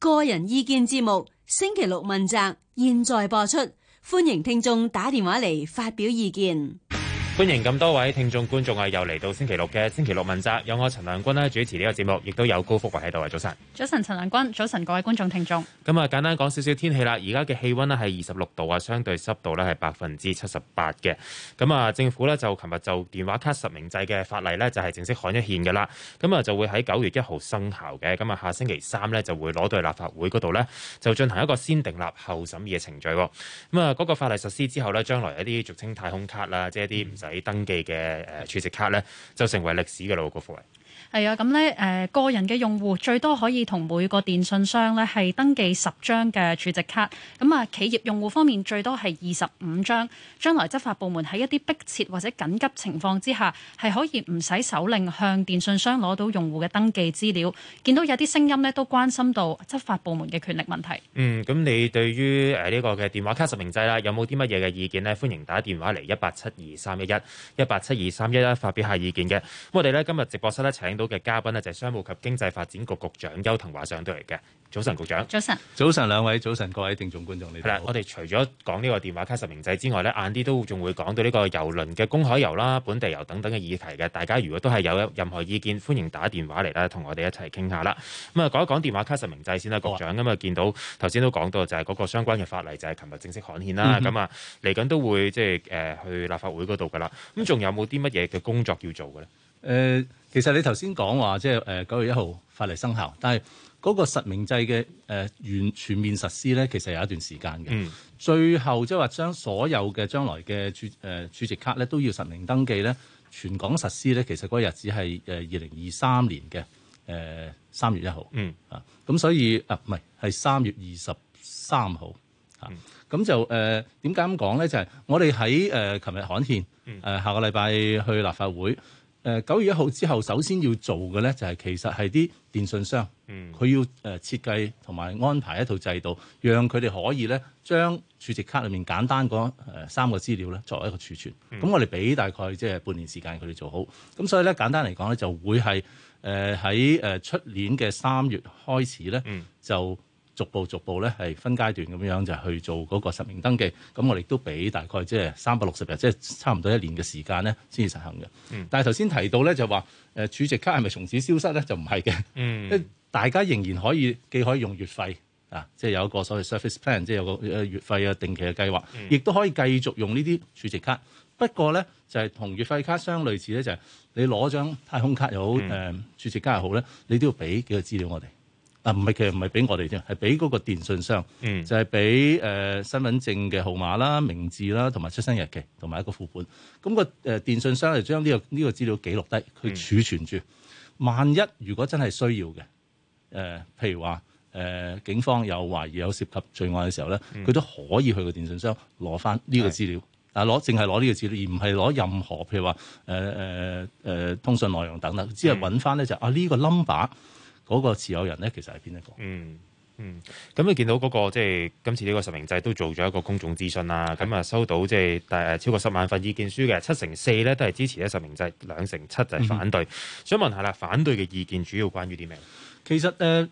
個人意見節目星期六問責，現在播出，歡迎聽眾打電話嚟發表意見。歡迎咁多位聽眾觀眾啊，又嚟到星期六嘅星期六問責，有我陳亮君呢主持呢個節目，亦都有高福華喺度啊，早晨！早晨，陳亮君，早晨，各位觀眾聽眾。咁啊，簡單講少少天氣啦，而家嘅氣温呢，係二十六度啊，相對濕度呢，係百分之七十八嘅。咁啊，政府呢，就琴日就電話卡實名制嘅法例呢，就係正式刊咗憲㗎喇。咁啊，就會喺九月一號生效嘅。咁啊下星期三呢，就會攞到立法會嗰度呢，就進行一個先訂立後審議嘅程序。咁啊嗰個法例實施之後呢，將來一啲俗稱太空卡啊，即係一啲唔使。喺登記嘅誒儲值卡咧，就成為歷史嘅路過貨嚟。係啊，咁咧誒個人嘅用戶最多可以同每個電信商咧係登記十張嘅儲值卡，咁啊企業用戶方面最多係二十五張。將來執法部門喺一啲迫切或者緊急情況之下，係可以唔使手令向電信商攞到用戶嘅登記資料。見到有啲聲音咧都關心到執法部門嘅權力問題。嗯，咁你對於誒呢個嘅電話卡實名制啦，有冇啲乜嘢嘅意見呢？歡迎打電話嚟一八七二三一一一八七二三一一發表一下意見嘅。我哋呢，今日直播室呢，請嘅嘉賓咧就係商務及經濟發展局局,局長邱騰華上台嚟嘅。早晨，局長。早晨上，早晨，兩位，早晨，各位聽眾、觀眾，你好。係啦，我哋除咗講呢個電話卡實名制之外呢晏啲都仲會講到呢個郵輪嘅公海遊啦、本地遊等等嘅議題嘅。大家如果都係有任何意見，歡迎打電話嚟啦，同我哋一齊傾下啦。咁啊，講一講電話卡實名制先啦，局長。咁啊、哦，見到頭先都講到就係嗰個相關嘅法例就係琴日正式刊憲啦。咁、嗯、哼啊，嚟緊都會即係誒去立法會嗰度噶啦。咁仲有冇啲乜嘢嘅工作要做嘅呢？誒、呃，其實你頭先講話，即係誒九月一號法例生效，但係嗰個實名制嘅誒完全面實施咧，其實有一段時間嘅。嗯、最後即係話將所有嘅將來嘅儲誒儲值卡咧都要實名登記咧，全港實施咧，其實嗰日子係誒二零二三年嘅誒三月一號、嗯、啊。咁所以啊，唔係係三月二十三號啊。咁、嗯、就誒點解咁講咧？就係、是、我哋喺誒琴日刊憲誒下個禮拜去立法會。誒九月一號之後，首先要做嘅呢就係其實係啲電訊商，佢、嗯、要誒設計同埋安排一套制度，讓佢哋可以呢將儲值卡裏面簡單嗰三個資料呢作為一個儲存。咁、嗯、我哋俾大概即係半年時間佢哋做好。咁所以呢簡單嚟講呢就會係誒喺誒出年嘅三月開始呢。嗯、就。逐步逐步咧，係分階段咁樣就去做嗰個實名登記。咁我哋都俾大概即係三百六十日，即係差唔多一年嘅時間咧，先至實行嘅。嗯、但係頭先提到咧，就話誒儲值卡係咪從此消失咧？就唔係嘅。嗯，大家仍然可以既可以用月費啊，即係有一個所謂 service plan，即係有個誒月費啊定期嘅計劃，亦都、嗯、可以繼續用呢啲儲值卡。不過咧，就係同月費卡相類似咧，就係你攞張太空卡又好，誒儲值卡又好咧，你都要俾幾個資料我哋。啊，唔係，其實唔係俾我哋添，係俾嗰個電信商，嗯、就係俾誒身份證嘅號碼啦、名字啦、同埋出生日期，同埋一個副本。咁、嗰個誒、呃、電信商就將呢個呢、呢個資料記錄低，佢儲存住。嗯、萬一如果真係需要嘅，誒、呃、譬如話誒、呃、警方有懷疑有涉及罪案嘅時候咧，佢、嗯、都可以去個電信商攞翻呢個資料。啊是，攞淨係攞呢個資料，而唔係攞任何譬如話誒誒誒通訊內容等等，只係揾翻咧就啊呢、呢個 number。嗰個持有人咧，其實係邊一個？嗯嗯，咁、嗯、你見到嗰、那個即係、就是、今次呢個實名制都做咗一個公眾諮詢啦，咁啊收到即係誒超過十萬份意見書嘅，七成四咧都係支持咧實名制，兩成七就係反對。嗯、想問下啦，反對嘅意見主要關於啲咩？其實誒、呃、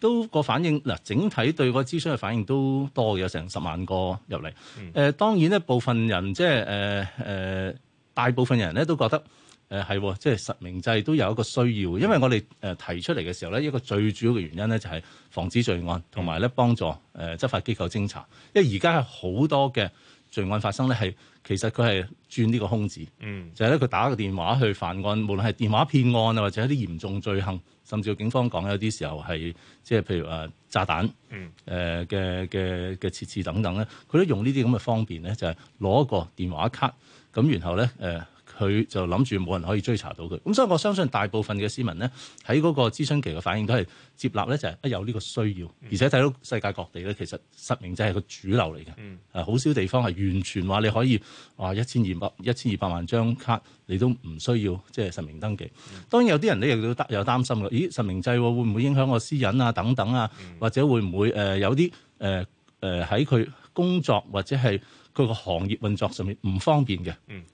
都個反應嗱，整體對個諮詢嘅反應都多，有成十萬個入嚟。誒、嗯呃、當然呢，部分人即係誒誒，大部分人咧都覺得。誒係，即係實名制都有一個需要，因為我哋誒提出嚟嘅時候咧，一個最主要嘅原因咧就係防止罪案，同埋咧幫助誒執法機構偵查。因為而家係好多嘅罪案發生咧，係其實佢係轉呢個空子，嗯，就係咧佢打個電話去犯案，無論係電話騙案啊，或者一啲嚴重罪行，甚至警方講有啲時候係即係譬如話炸彈，嗯，誒嘅嘅嘅設置等等咧，佢都用呢啲咁嘅方便咧，就係攞個電話卡，咁然後咧誒。呃佢就諗住冇人可以追查到佢，咁所以我相信大部分嘅市民呢，喺嗰個諮詢期嘅反應都係接納呢，就係一有呢個需要，而且睇到世界各地呢，其實實名制係個主流嚟嘅，啊好少地方係完全話你可以話一千二百一千二百萬張卡，你都唔需要即係實名登記。當然有啲人呢亦都得有擔心喇，咦，實名制會唔會影響我私隱啊等等啊，或者會唔會誒有啲誒誒喺佢工作或者係。佢個行業運作上面唔方便嘅，啊、嗯，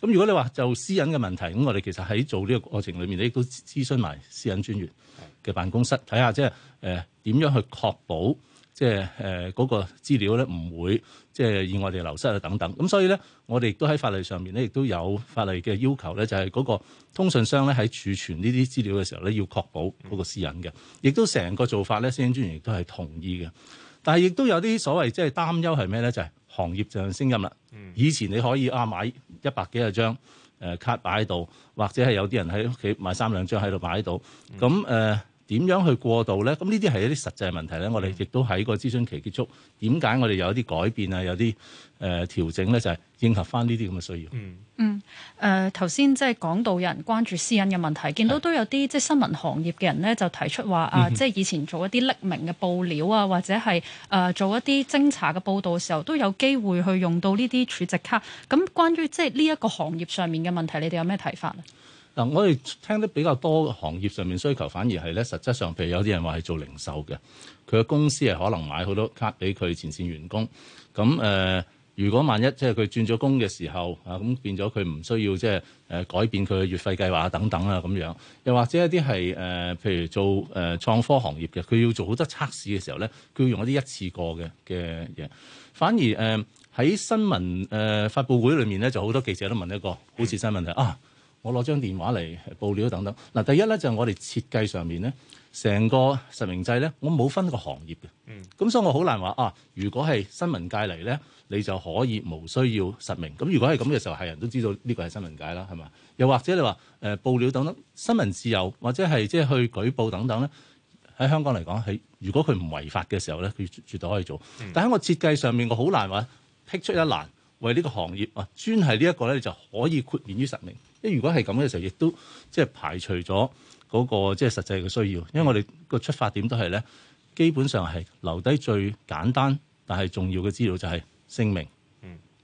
咁如果你話就私隱嘅問題，咁我哋其實喺做呢個過程裏面，亦都諮詢埋私隱專員嘅辦公室，睇下即係誒點樣去確保即係誒嗰個資料咧唔會即係意外地流失啊等等。咁所以咧，我哋亦都喺法例上面咧，亦都有法例嘅要求咧，就係嗰個通訊商咧喺儲存呢啲資料嘅時候咧，要確保嗰個私隱嘅，亦都成個做法咧，私隱專員亦都係同意嘅。但係亦都有啲所謂即係擔憂係咩呢？就係、係、行業上聲音啦。以前你可以啊買一百幾十張卡擺喺度，或者係有啲人喺屋企買三兩張喺度擺喺度。咁誒。點樣去過渡呢？咁呢啲係一啲實際問題。呢我哋亦都喺個諮詢期結束，點解我哋有啲改變啊？有啲誒、呃、調整呢，就係、是、應合翻呢啲咁嘅需要。嗯嗯。誒頭先即係講到有人關注私隱嘅問題，見到都有啲即係新聞行業嘅人呢，就提出話啊，即、就、係、是、以前做一啲匿名嘅報料啊，或者係誒、呃、做一啲偵查嘅報導時候，都有機會去用到呢啲儲值卡。咁關於即係呢一個行業上面嘅問題，你哋有咩睇法咧？嗱，我哋聽得比較多行業上面需求，反而係咧，實質上，譬如有啲人話係做零售嘅，佢嘅公司係可能買好多卡俾佢前線員工。咁誒、呃，如果萬一即係佢轉咗工嘅時候啊，咁變咗佢唔需要即係誒改變佢嘅月費計劃等等啊，咁樣。又或者一啲係誒，譬如做誒、呃、創科行業嘅，佢要做好多測試嘅時候咧，佢要用一啲一次過嘅嘅嘢。反而誒喺、呃、新聞誒、呃、發佈會裏面咧，就好多記者都問一個好似新聞就啊。我攞張電話嚟報料等等。嗱，第一咧就係、是、我哋設計上面咧，成個實名制咧，我冇分個行業嘅。咁、嗯、所以我好難話啊。如果係新聞界嚟咧，你就可以無需要實名。咁如果係咁嘅時候，係人都知道呢個係新聞界啦，係嘛？又或者你話誒、呃、報料等等，新聞自由或者係即係去舉報等等咧，喺香港嚟講係，如果佢唔違法嘅時候咧，佢絕，絕對可以做。嗯、但喺我設計上面，我好難話剔出一欄為呢個行業啊，專係呢一個咧就可以豁免於實名。一如果係咁嘅時候，亦都即係排除咗嗰個即係實際嘅需要，因為我哋個出發點都係咧，基本上係留低最簡單但係重要嘅資料就是明，就係姓名、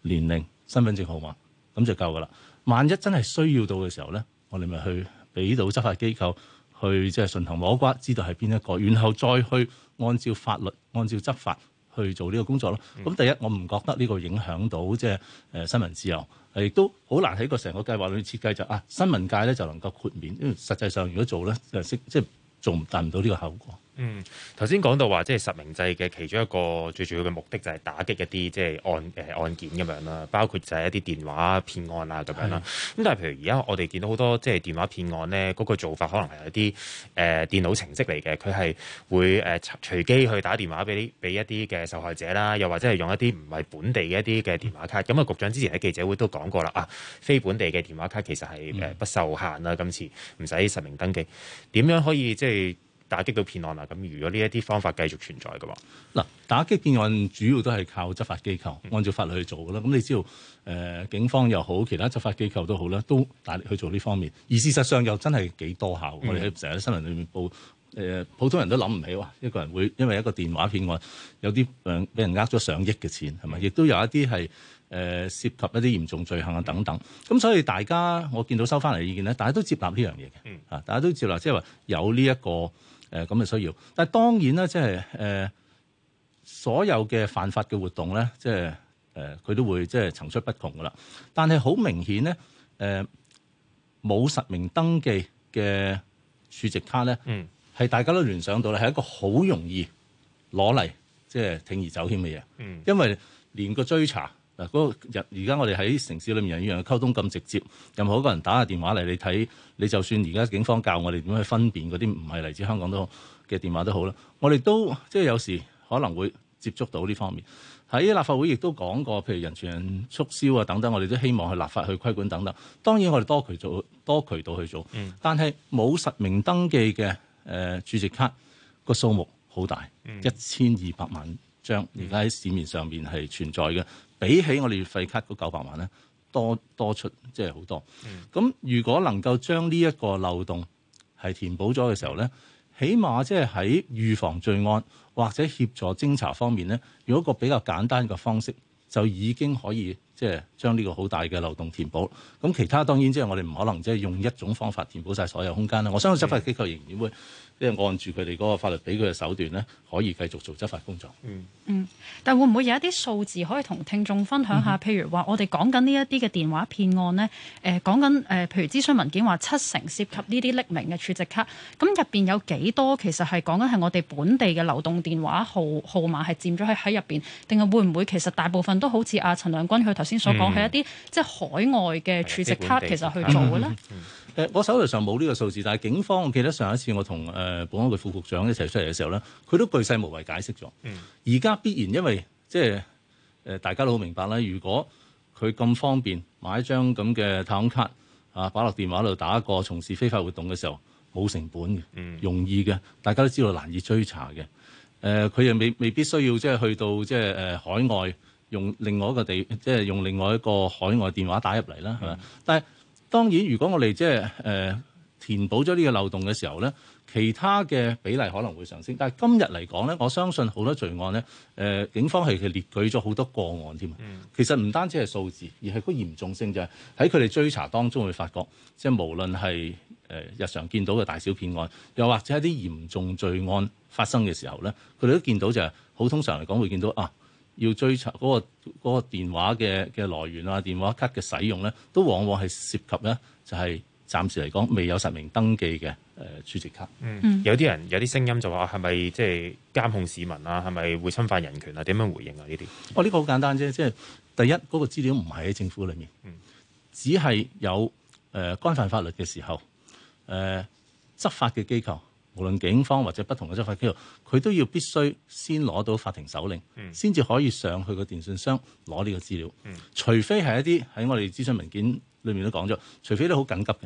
年齡、身份證號碼，咁就夠噶啦。萬一真係需要到嘅時候咧，我哋咪去俾到執法機構去即係順藤摸瓜，知道係邊一個，然後再去按照法律、按照執法去做呢個工作咯。咁、嗯、第一，我唔覺得呢個影響到即係誒新聞自由。亦都好難喺個成個計劃裏面設計，就啊新聞界咧就能夠豁免，因為實際上如果做咧就識即係做唔達唔到呢個效果。嗯，頭先講到話即係實名制嘅其中一個最主要嘅目的就係打擊一啲即係案誒、呃、案件咁樣啦，包括就係一啲電話騙案啊咁樣啦。咁是的 但係譬如而家我哋見到好多即係電話騙案咧，嗰、那個做法可能係有啲誒電腦程式嚟嘅，佢係會誒隨機去打電話俾俾一啲嘅受害者啦，又或者係用一啲唔係本地嘅一啲嘅電話卡。咁啊、嗯，局長之前喺記者會都講過啦，啊，非本地嘅電話卡其實係誒、呃、不受限啦，今次唔使實名登記，點樣可以即係？打擊到騙案啊？咁如果呢一啲方法繼續存在嘅話，嗱，打擊騙案主要都係靠執法機構、嗯、按照法律去做嘅啦。咁、嗯、你知道，誒、呃，警方又好，其他執法機構都好啦，都大力去做呢方面。而事實上又真係幾多效的。嗯、我哋成日喺新聞裏面報，誒、呃，普通人都諗唔起哇，一個人會因為一個電話騙案，有啲誒俾人呃咗上億嘅錢，係咪？亦都有一啲係誒涉及一啲嚴重罪行啊等等。咁、嗯、所以大家我見到收翻嚟嘅意見咧，大家都接納呢樣嘢嘅，啊、嗯，大家都接納，即係話有呢、這、一個。誒咁嘅需要，但係當然啦，即係誒所有嘅犯法嘅活動咧，即係誒佢都會即係層出不窮噶啦。但係好明顯咧，誒、呃、冇實名登記嘅儲值卡咧，係、嗯、大家都聯想到咧，係一個好容易攞嚟即係鋌而走險嘅嘢，嗯、因為連個追查。嗱，嗰日而家我哋喺城市裏面人與人嘅溝通咁直接，任何一個人打下電話嚟，你睇你就算而家警方教我哋點樣去分辨嗰啲唔係嚟自香港都好嘅電話都好啦。我哋都即係、就是、有時可能會接觸到呢方面。喺立法會亦都講過，譬如人傳人促銷啊等等，我哋都希望去立法去規管等等。當然我哋多渠道多渠道去做，但係冇實名登記嘅誒、呃、儲值卡個數目好大，一千二百萬張，而家喺市面上面係存在嘅。比起我哋月費卡嗰九百萬咧，多多出即係好多。咁如果能夠將呢一個漏洞係填補咗嘅時候咧，起碼即係喺預防罪案或者協助偵查方面咧，用一個比較簡單嘅方式，就已經可以。即係將呢個好大嘅漏洞填補。咁其他當然即係我哋唔可能即係用一種方法填補晒所有空間啦。我相信執法機構仍然會即係按住佢哋嗰個法律俾佢嘅手段呢，可以繼續做執法工作。嗯嗯，但會唔會有一啲數字可以同聽眾分享下？譬如話我哋講緊呢一啲嘅電話騙案呢，誒講緊誒，譬如諮詢文件話七成涉及呢啲匿名嘅儲值卡，咁入邊有幾多其實係講緊係我哋本地嘅流動電話號號碼係佔咗喺喺入邊？定係會唔會其實大部分都好似阿陳亮君佢頭先所講係一啲、嗯、即係海外嘅儲值卡，其實去做嘅咧。誒、嗯嗯嗯呃，我手頭上冇呢個數字，但係警方，我記得上一次我同誒、呃、保安局副局長一齊出嚟嘅時候咧，佢都巨細無遺解釋咗。而家、嗯、必然因為即係誒、呃，大家都好明白啦。如果佢咁方便買一張咁嘅太空卡啊，擺落電話度打一個，從事非法活動嘅時候冇成本嘅，嗯、容易嘅，大家都知道難以追查嘅。誒、呃，佢又未未必需要即係去到即係誒海外。用另外一個地，即係用另外一個海外電話打入嚟啦，係咪？嗯、但係當然，如果我哋即係填補咗呢個漏洞嘅時候咧，其他嘅比例可能會上升。但係今日嚟講咧，我相信好多罪案咧、呃，警方係列舉咗好多個案添。嗯、其實唔單止係數字，而係個嚴重性就係喺佢哋追查當中會發覺，即係無論係日常見到嘅大小騙案，又或者係啲嚴重罪案發生嘅時候咧，佢哋都見到就係好通常嚟講會見到啊。要追查嗰、那個嗰、那個電話嘅嘅來源啊，電話卡嘅使用咧，都往往係涉及咧，就係、是、暫時嚟講未有實名登記嘅誒、呃、儲值卡。嗯嗯，有啲人有啲聲音就話：係咪即係監控市民啊？係咪會侵犯人權啊？點樣回應啊？呢啲？哦，呢、這個好簡單啫，即、就、係、是、第一嗰、那個資料唔係喺政府裏面，嗯、只係有誒干、呃、犯法律嘅時候，誒、呃、執法嘅機構。無論警方或者不同嘅執法機構，佢都要必須先攞到法庭手令，先至可以上去個電信商攞呢個資料。除非係一啲喺我哋諮詢文件裏面都講咗，除非都好緊急嘅，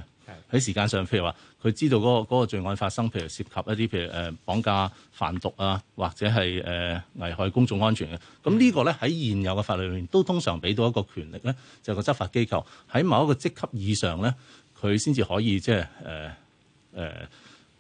喺時間上，譬如話佢知道嗰個嗰個罪案發生，譬如涉及一啲譬如誒綁架、販毒啊，或者係誒危害公眾安全嘅。咁呢個咧喺現有嘅法律裏面都通常俾到一個權力咧，就係個執法機構喺某一個職級以上咧，佢先至可以即係、呃呃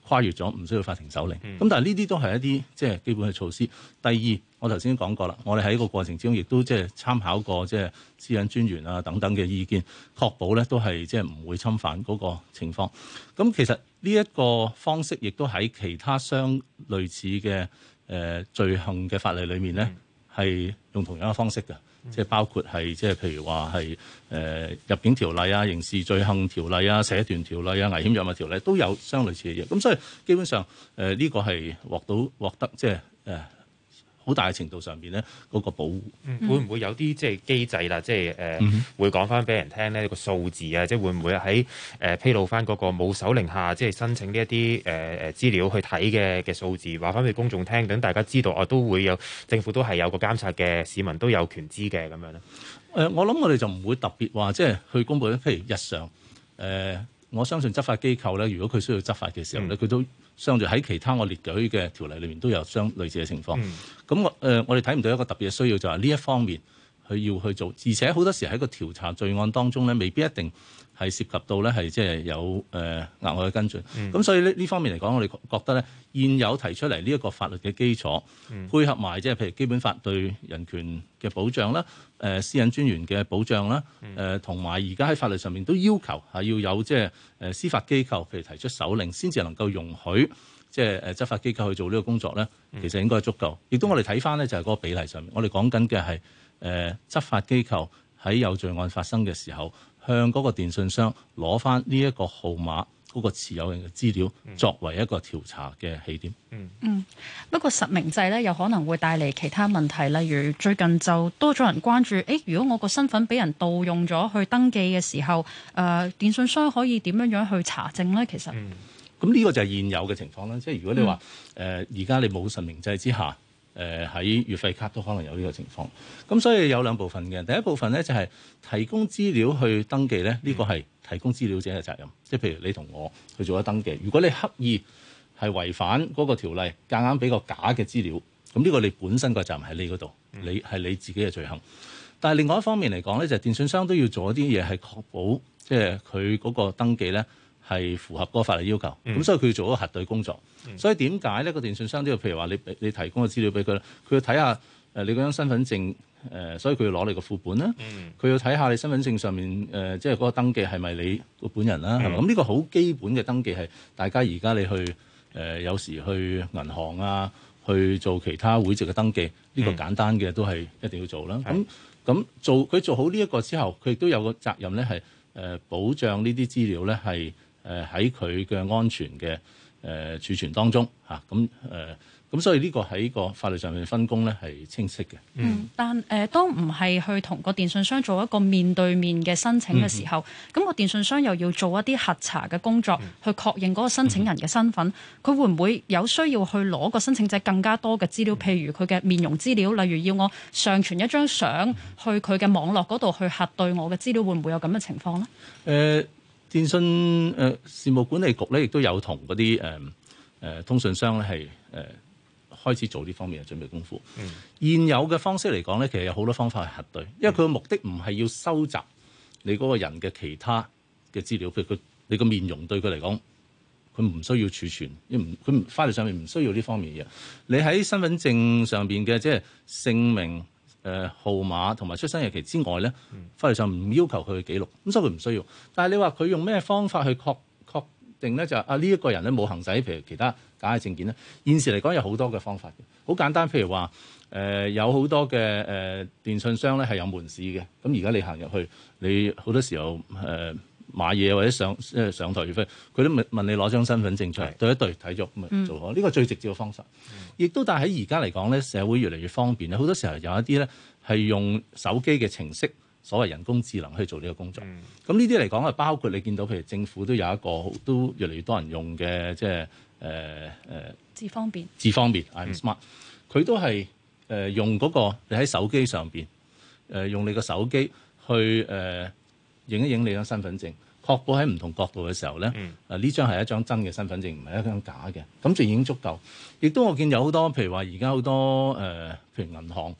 跨越咗唔需要法庭手令，咁但係呢啲都係一啲即係基本嘅措施。第二，我頭先講過啦，我哋喺個過程之中亦都即係參考過即係私隱專員啊等等嘅意見，確保咧都係即係唔會侵犯嗰個情況。咁其實呢一個方式亦都喺其他相類似嘅誒罪行嘅法例裏面咧，係用同樣嘅方式嘅。即係包括係即係譬如話係誒入境條例啊、刑事罪行條例啊、社團條例啊、危險藥物條例都有相類似嘅嘢，咁所以基本上誒呢個係獲到獲得即係誒。好大的程度上邊咧，嗰、那個保護、嗯、會唔會有啲即係機制啦？即係誒，呃嗯、會講翻俾人聽咧、那個數字啊！即、就、係、是、會唔會喺誒、呃、披露翻嗰個冇手令下即係、就是、申請呢一啲誒誒資料去睇嘅嘅數字，話翻俾公眾聽，等大家知道，我、哦、都會有政府都係有個監察嘅，市民都有權知嘅咁樣咧。誒、呃，我諗我哋就唔會特別話即係去公布咧，譬如日常誒。呃我相信執法機構咧，如果佢需要執法嘅時候咧，佢都相對喺其他我列舉嘅條例裏面都有相類似嘅情況。咁，呃，我我哋睇唔到一個特別嘅需要，就係呢一方面。佢要去做，而且好多時喺個調查罪案當中咧，未必一定係涉及到咧係即係有誒額外嘅跟進。咁、嗯、所以呢呢方面嚟講，我哋覺得咧現有提出嚟呢一個法律嘅基礎，配合埋即係譬如基本法對人權嘅保障啦、誒私隱專員嘅保障啦、誒同埋而家喺法律上面都要求係要有即係誒司法機構譬如提出手令，先至能夠容許即係誒執法機構去做呢個工作咧，其實應該足夠。亦都我哋睇翻咧就係嗰個比例上面，我哋講緊嘅係。誒執法機構喺有罪案發生嘅時候，向嗰個電信商攞翻呢一個號碼嗰個持有人嘅資料，作為一個調查嘅起點。嗯嗯，不過實名制呢，有可能會帶嚟其他問題，例如最近就多咗人關注，誒，如果我個身份俾人盜用咗去登記嘅時候，誒、呃、電信商可以點樣樣去查證呢？其實，咁呢、嗯、個就係現有嘅情況啦。即係如果你話誒，而、呃、家你冇實名制之下。誒喺、呃、月費卡都可能有呢個情況，咁所以有兩部分嘅。第一部分呢，就係、係、提供資料去登記呢，呢個係提供資料者嘅責任，即、嗯、譬如你同我去做咗登記，如果你刻意係違反嗰個條例，夾硬俾個假嘅資料，咁呢個你本身個責任喺你嗰度，你係你自己嘅罪行。但係另外一方面嚟講呢就係、電信商都要做一啲嘢係確保，即係佢嗰個登記呢。係符合嗰個法律要求，咁、嗯、所以佢要做一個核對工作。嗯、所以點解咧？個電信商都要，譬如話你你提供個資料俾佢啦，佢要睇下誒你嗰張身份證誒，所以佢要攞你個副本啦。佢、嗯、要睇下你身份證上面誒，即係嗰個登記係咪你個本人啦。咁呢、嗯、個好基本嘅登記係大家而家你去誒、呃、有時去銀行啊，去做其他會籍嘅登記，呢、嗯、個簡單嘅都係一定要做啦。咁咁、嗯、做佢做好呢一個之後，佢亦都有個責任咧，係誒保障呢啲資料咧係。誒喺佢嘅安全嘅儲存當中，咁咁、啊啊、所以呢個喺個法律上面分工呢，係清晰嘅。嗯，但誒、呃、當唔係去同個電信商做一個面對面嘅申請嘅時候，咁個、嗯、哼電信商又要做一啲核查嘅工作，去確認嗰個申請人嘅身份，佢、嗯、哼會唔會有需要去攞個申請者更加多嘅資料，譬如佢嘅面容資料，例如要我上傳一張相去佢嘅網絡嗰度去核對我嘅資料，會唔會有咁嘅情況呢？呃電信誒、呃、事務管理局咧，亦都有同嗰啲誒誒通訊商咧，係誒、呃、開始做呢方面嘅準備功夫。嗯、現有嘅方式嚟講咧，其實有好多方法去核對，因為佢嘅目的唔係要收集你嗰個人嘅其他嘅資料，譬如佢你個面容對佢嚟講，佢唔需要儲存，唔佢法律上面唔需要呢方面嘅嘢。你喺身份證上邊嘅即係姓名。誒、呃、號碼同埋出生日期之外咧，法律上唔要求佢去記錄，咁所以佢唔需要。但係你話佢用咩方法去確，確定咧？就係啊呢一、這個人咧冇行使譬如其他假嘅證件咧。現時嚟講有好多嘅方法嘅，好簡單。譬如話誒、呃、有好多嘅誒、呃、電信商咧係有門市嘅，咁而家你行入去，你好多時候誒。呃買嘢或者上上台月飛佢都問問你攞張身份證出嚟對一對睇咗咪做好。呢、這個最直接嘅方式。亦都但係喺而家嚟講咧，社會越嚟越方便啦。好多時候有一啲咧係用手機嘅程式，所謂人工智能去做呢個工作。咁呢啲嚟講係包括你見到譬如政府都有一個都越嚟越多人用嘅，即係誒誒。智方便。智方便，iAM Smart、嗯。佢都係用嗰個你喺手機上面，用你個手機去誒。呃影一影你張身份證，確保喺唔同角度嘅時候呢，嗯、啊呢張係一張真嘅身份證，唔係一張假嘅，咁就已經足夠。亦都我見有好多，譬如話而家好多、呃、譬如銀行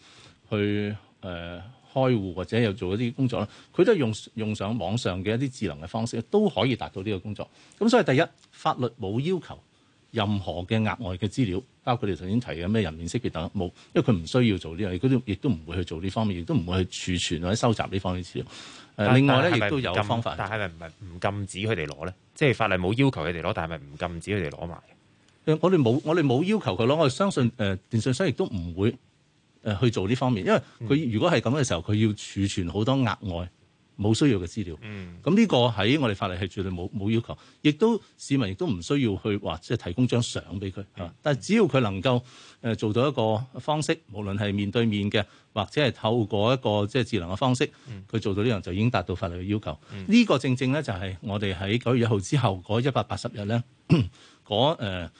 去誒、呃、開戶或者又做一啲工作啦，佢都係用用上網上嘅一啲智能嘅方式，都可以達到呢個工作。咁所以第一法律冇要求。任何嘅額外嘅資料，包括你哋頭先提嘅咩人面識別等冇，因為佢唔需要做呢樣嘢，佢都亦都唔會去做呢方面，亦都唔會去儲存或者收集呢方面的資料。誒但，另外咧亦都有方法，但係咪唔係唔禁止佢哋攞咧？即係法例冇要求佢哋攞，但係咪唔禁止佢哋攞埋？我哋冇我哋冇要求佢攞，我哋相信誒、呃、電信商亦都唔會誒去做呢方面，因為佢如果係咁嘅時候，佢要儲存好多額外。冇需要嘅資料，咁呢個喺我哋法例係絕對冇冇要求，亦都市民亦都唔需要去話即係提供張相俾佢。但只要佢能夠做到一個方式，無論係面對面嘅，或者係透過一個即係智能嘅方式，佢做到呢樣就已經達到法例嘅要求。呢、嗯、個正正咧就係我哋喺九月一號之後嗰一百八十日咧，嗰啲、呃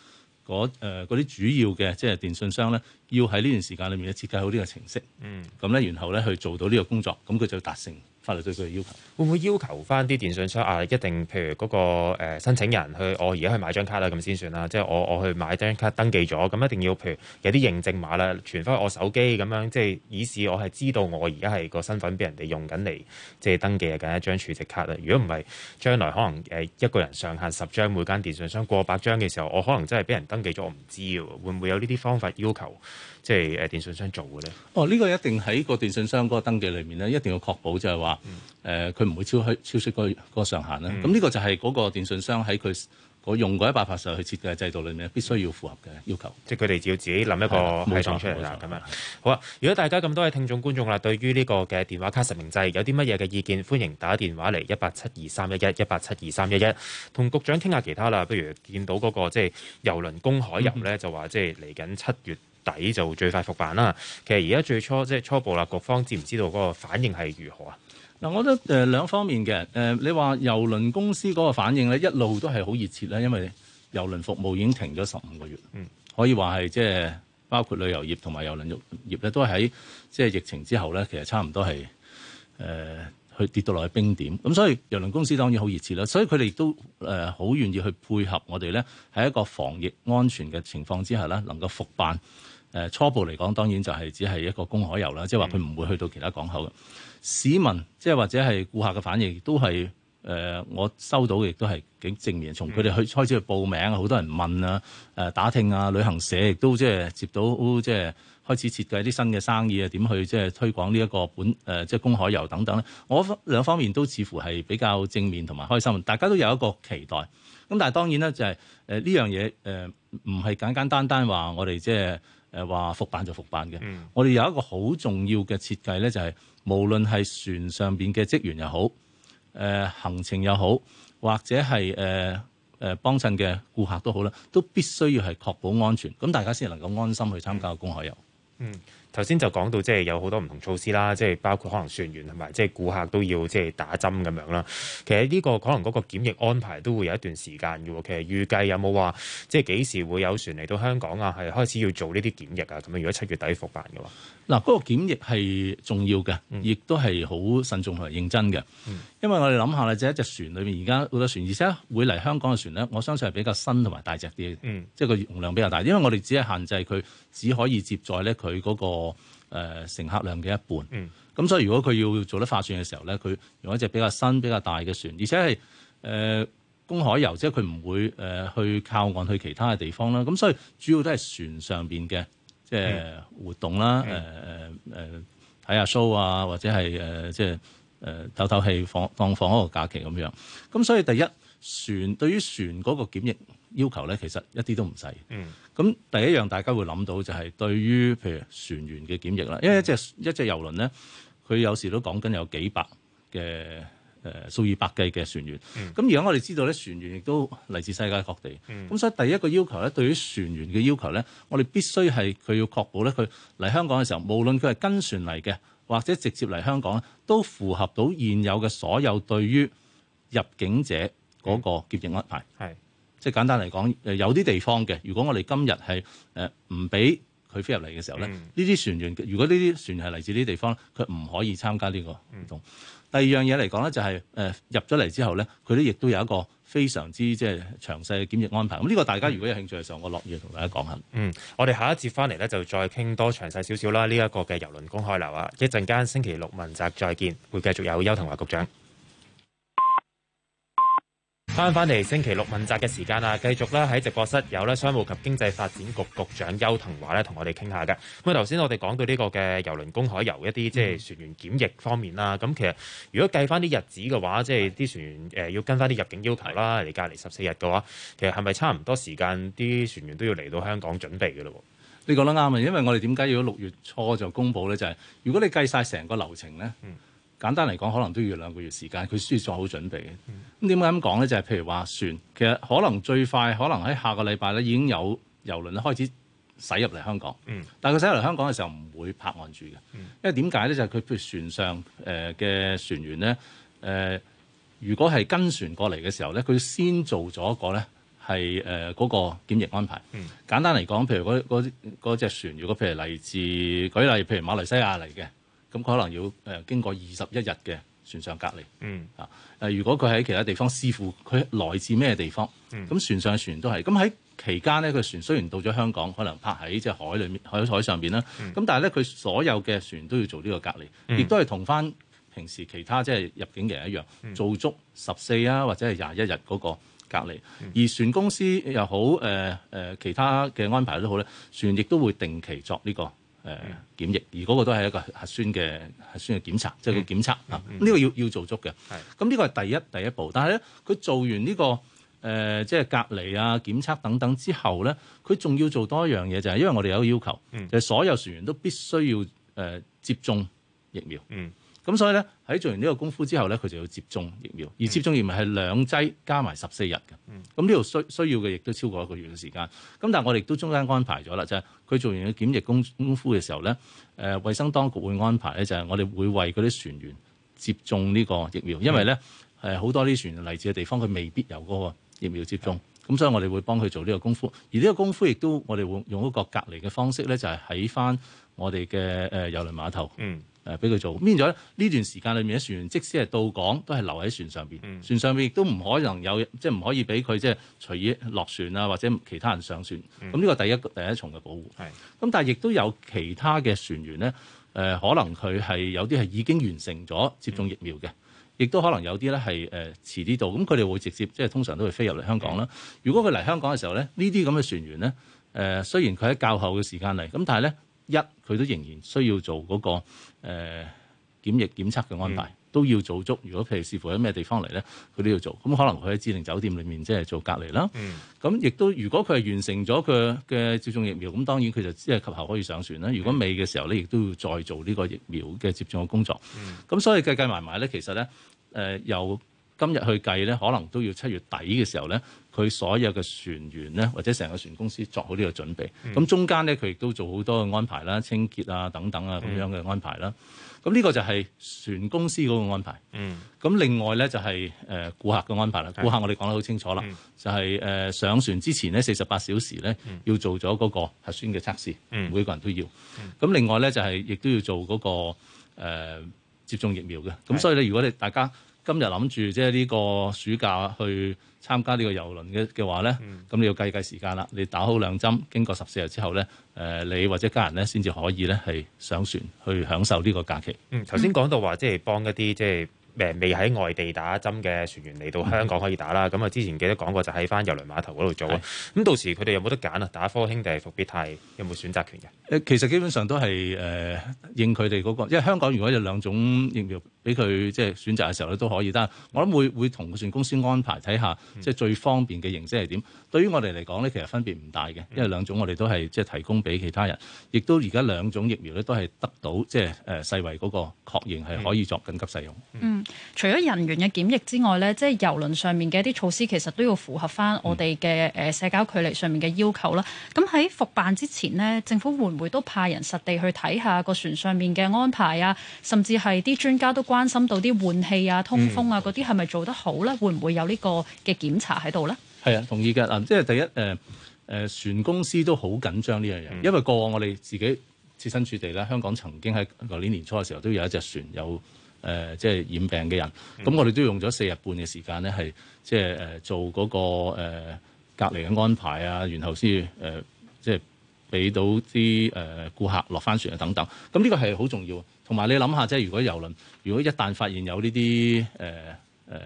呃呃、主要嘅即係電訊商咧，要喺呢段時間裏面咧設計好呢個程式，咁咧、嗯、然後咧去做到呢個工作，咁佢就達成。法律對佢嘅要求，會唔會要求翻啲電信商啊？一定，譬如嗰個誒申請人去，我而家去買張卡啦，咁先算啦。即係我我去買張卡登記咗，咁一定要譬如有啲認證碼啦，傳翻去我手機咁樣，即係以示我係知道我而家係個身份俾人哋用緊嚟即係登記嘅一張儲值卡啦。如果唔係，將來可能誒一個人上限十張每間電信商過百張嘅時候，我可能真係俾人登記咗，我唔知喎。會唔會有呢啲方法要求？即係誒電信商做嘅咧。哦，呢、這個一定喺個電信商嗰個登記裏面咧，一定要確保就係話誒，佢唔會超開超出嗰上限咧。咁呢個就係嗰個電信商喺佢用嗰一百八十去設計嘅制度裏面必須要符合嘅要求。即係佢哋要自己諗一個規則出嚟咁啊，好啊。如果大家咁多位聽眾觀眾啦，對於呢個嘅電話卡實名制有啲乜嘢嘅意見，歡迎打電話嚟一八七二三一一一八七二三一一同局長傾下其他啦。不如見到嗰、那個即係郵輪公海遊咧，嗯、就話即係嚟緊七月底就最快復辦啦。其實而家最初即係初步啦，各方知唔知道嗰個反應係如何啊？嗱，我覺得誒兩方面嘅誒，你話郵輪公司嗰個反應咧，一路都係好熱切啦，因為郵輪服務已經停咗十五個月，嗯、可以話係即係包括旅遊業同埋郵輪業咧，都係喺即係疫情之後咧，其實差唔多係誒去跌到落去冰點。咁所以郵輪公司當然好熱切啦，所以佢哋都誒好願意去配合我哋咧，喺一個防疫安全嘅情況之下咧，能夠復辦。誒初步嚟講，當然就係只係一個公海遊啦，即係話佢唔會去到其他港口嘅市民，即係或者係顧客嘅反應都係誒、呃，我收到嘅亦都係幾正面。從佢哋去開始去報名啊，好多人問啊，誒打聽啊，旅行社亦都即係接到即係開始設計啲新嘅生意啊，點去即係推廣呢一個本誒即係公海遊等等咧。我兩方面都似乎係比較正面同埋開心，大家都有一個期待。咁但係當然咧、就係，就係誒呢樣嘢誒唔係簡簡單單話我哋即係。誒話復辦就復辦嘅，嗯、我哋有一個好重要嘅設計咧，就係無論係船上邊嘅職員又好，誒、呃、行程又好，或者係誒誒幫襯嘅顧客都好啦，都必須要係確保安全，咁大家先能夠安心去參加公海遊。嗯。頭先就講到即係有好多唔同措施啦，即係包括可能船員同埋即係顧客都要即係打針咁樣啦。其實呢個可能嗰個檢疫安排都會有一段時間嘅。其實預計有冇話即係幾時會有船嚟到香港啊？係開始要做呢啲檢疫啊？咁樣如果七月底復辦嘅話，嗱，嗰個檢疫係重要嘅，亦都係好慎重同埋認真嘅。因為我哋諗下呢，就係一隻船裏面而家好多船，而且會嚟香港嘅船呢，我相信係比較新同埋大隻啲，嗯、即係個容量比較大。因為我哋只係限制佢只可以接載呢佢嗰個。個、呃、乘客量嘅一半，咁、嗯、所以如果佢要做得划算嘅時候咧，佢用一隻比較新、比較大嘅船，而且係誒公海遊，即係佢唔會誒、呃、去靠岸去其他嘅地方啦。咁所以主要都係船上邊嘅即係活動啦，誒誒誒睇下 show 啊，或者係誒即係誒透透氣放放放一個假期咁樣。咁所以第一船對於船嗰個檢疫要求咧，其實一啲都唔細。嗯，咁第一樣大家會諗到就係對於譬如船員嘅檢疫啦，因為、嗯、一隻一隻遊輪咧，佢有時都講緊有幾百嘅誒、呃、數以百計嘅船員。咁、嗯、而家我哋知道咧，船員亦都嚟自世界各地。咁、嗯、所以第一個要求咧，對於船員嘅要求咧，我哋必須係佢要確保咧，佢嚟香港嘅時候，無論佢係跟船嚟嘅，或者直接嚟香港，都符合到現有嘅所有對於入境者嗰個檢疫安排。嗯，係。即係簡單嚟講，誒有啲地方嘅。如果我哋今日係誒唔俾佢飛入嚟嘅時候咧，呢啲、嗯、船員，如果呢啲船員係嚟自呢啲地方，佢唔可以參加呢個活動。嗯、第二樣嘢嚟講咧、就是，就係誒入咗嚟之後咧，佢咧亦都有一個非常之即係、就是、詳細嘅檢疫安排。咁呢個大家如果有興趣嘅時候，我樂意同大家講下。嗯，我哋下一節翻嚟咧，就再傾多詳細少少啦。呢、這、一個嘅郵輪公開樓啊，一陣間星期六問責再見，會繼續有邱騰華局長。翻返嚟星期六問責嘅時間啊，繼續啦。喺直播室有咧商務及經濟發展局局長邱騰華咧同我哋傾下嘅。咁啊頭先我哋講到呢個嘅遊輪公海遊一啲即係船員檢疫方面啦，咁其實如果計翻啲日子嘅話，即係啲船員誒要跟翻啲入境要求啦，嚟隔離十四日嘅話，其實係咪差唔多時間啲船員都要嚟到香港準備嘅咯？你講得啱啊，因為我哋點解要六月初就公佈咧？就係如果你計晒成個流程咧，嗯。簡單嚟講，可能都要兩個月時間，佢輸上好準備嘅。咁點解咁講咧？就係、是、譬如話船，其實可能最快可能喺下個禮拜咧已經有郵輪咧開始駛入嚟香港。嗯、但係佢駛入嚟香港嘅時候唔會泊岸住嘅，嗯、因為點解咧？就係、是、佢譬如船上誒嘅、呃、船員咧誒、呃，如果係跟船過嚟嘅時候咧，佢先做咗一個咧係誒嗰個檢疫安排。嗯、簡單嚟講，譬如嗰嗰隻船，如果譬如嚟自，舉例譬如馬來西亞嚟嘅。咁可能要誒經過二十一日嘅船上隔離，嗯啊，如果佢喺其他地方師父，視乎佢來自咩地方，咁、嗯、船上船都係。咁喺期間呢，佢船雖然到咗香港，可能泊喺即係海裏面、海海上邊啦，咁、嗯、但係咧，佢所有嘅船都要做呢個隔離，亦、嗯、都係同翻平時其他即係入境嘅一樣，嗯、做足十四啊或者係廿一日嗰個隔離。嗯、而船公司又好、呃呃，其他嘅安排都好咧，船亦都會定期作呢、這個。誒、嗯、檢疫，而嗰個都係一個核酸嘅核酸嘅檢查，即係佢檢測啊，呢、嗯嗯嗯、個要要做足嘅。咁呢的個係第一第一步，但係咧，佢做完呢、這個誒，即、呃、係、就是、隔離啊、檢測等等之後咧，佢仲要做多一樣嘢，就係、是、因為我哋有個要求，嗯、就係所有船員都必須要誒、呃、接種疫苗。嗯。咁所以咧，喺做完呢個功夫之後咧，佢就要接種疫苗。而接種疫苗係兩劑加埋十四日嘅。咁呢度需需要嘅亦都超過一個月嘅時間。咁但係我哋都中間安排咗啦，就係、是、佢做完檢疫功功夫嘅時候咧，誒、呃，衞生當局會安排咧，就係我哋會為嗰啲船員接種呢個疫苗，因為咧係好多啲船員嚟自嘅地方，佢未必有嗰個疫苗接種。咁、嗯、所以我哋會幫佢做呢個功夫。而呢個功夫亦都我哋會用一個隔離嘅方式咧，就係喺返我哋嘅誒郵輪碼頭。嗯。誒俾佢做，變咗呢？呢段時間裏面，嘅船員即使係到港，都係留喺船上邊。嗯、船上邊亦都唔可能有，即係唔可以俾佢即係隨意落船啊，或者其他人上船。咁呢個第一第一重嘅保護。係是。咁但係亦都有其他嘅船員呢、呃，可能佢係有啲係已經完成咗接種疫苗嘅，亦都、嗯、可能有啲咧係誒遲啲到。咁佢哋會直接即係通常都會飛入嚟香港啦。嗯、如果佢嚟香港嘅時候咧，呢啲咁嘅船員、呃、呢，誒雖然佢喺較後嘅時間嚟，咁但係咧。一佢都仍然需要做嗰、那個檢、呃、檢疫檢測嘅安排，嗯、都要做足。如果譬如視乎喺咩地方嚟呢，佢都要做。咁可能佢喺指定酒店裏面即係做隔離啦。咁亦、嗯、都如果佢係完成咗佢嘅接種疫苗，咁當然佢就即係及後可以上船啦。嗯、如果未嘅時候，呢，亦都要再做呢個疫苗嘅接種嘅工作。咁、嗯、所以計計埋埋呢，其實呢，誒、呃、由今日去計呢，可能都要七月底嘅時候呢。佢所有嘅船員咧，或者成個船公司作好呢個準備，咁、嗯、中間咧，佢亦都做好多嘅安排啦、清潔啊等等啊咁樣嘅安排啦。咁呢、嗯、個就係船公司嗰個安排。嗯。咁另外咧就係誒顧客嘅安排啦。顧、嗯、客我哋講得好清楚啦，嗯、就係誒上船之前咧四十八小時咧要做咗嗰個核酸嘅測試，嗯、每個人都要。咁、嗯嗯、另外咧就係亦都要做嗰、那個誒、呃、接種疫苗嘅。咁、嗯、所以咧，如果你大家今日諗住即係呢個暑假去參加呢個遊輪嘅嘅話呢，咁、嗯、你要計計時間啦。你打好兩針，經過十四日之後呢，誒、呃、你或者家人呢先至可以呢係上船去享受呢個假期。嗯，頭先講到話即係幫一啲即係。就是未喺外地打針嘅船員嚟到香港可以打啦，咁啊、嗯、之前記得講過就喺翻郵輪碼頭嗰度做咁。是到時佢哋有冇得揀啊？打科興定係復必泰有冇選擇權嘅？誒，其實基本上都係誒應佢哋嗰個，因為香港如果有兩種疫苗俾佢即係選擇嘅時候咧，都可以。但係我諗會會同船公司安排睇下，即係最方便嘅形式係點。對於我哋嚟講呢，其實分別唔大嘅，因為兩種我哋都係即係提供俾其他人，亦都而家兩種疫苗咧都係得到即係誒世衛嗰個確認係可以作緊急使用。嗯。除咗人員嘅檢疫之外呢，即係遊輪上面嘅一啲措施，其實都要符合翻我哋嘅誒社交距離上面嘅要求啦。咁喺、嗯、復辦之前呢，政府會唔會都派人實地去睇下個船上面嘅安排啊？甚至係啲專家都關心到啲換氣啊、通風啊嗰啲係咪做得好呢？會唔會有呢個嘅檢查喺度呢？係啊，同意嘅啊，即係第一誒誒、呃，船公司都好緊張呢樣嘢，嗯、因為過往我哋自己設身處地啦。香港曾經喺舊年年初嘅時候都有一隻船有。誒，即係、呃就是、染病嘅人，咁、嗯、我哋都用咗四日半嘅時間咧，係即係誒做嗰、那個、呃、隔離嘅安排啊，然後先誒即係俾到啲誒、呃、顧客落翻船啊等等。咁呢個係好重要。同埋你諗下，即、就、係、是、如果郵輪如果一旦發現有呢啲誒誒染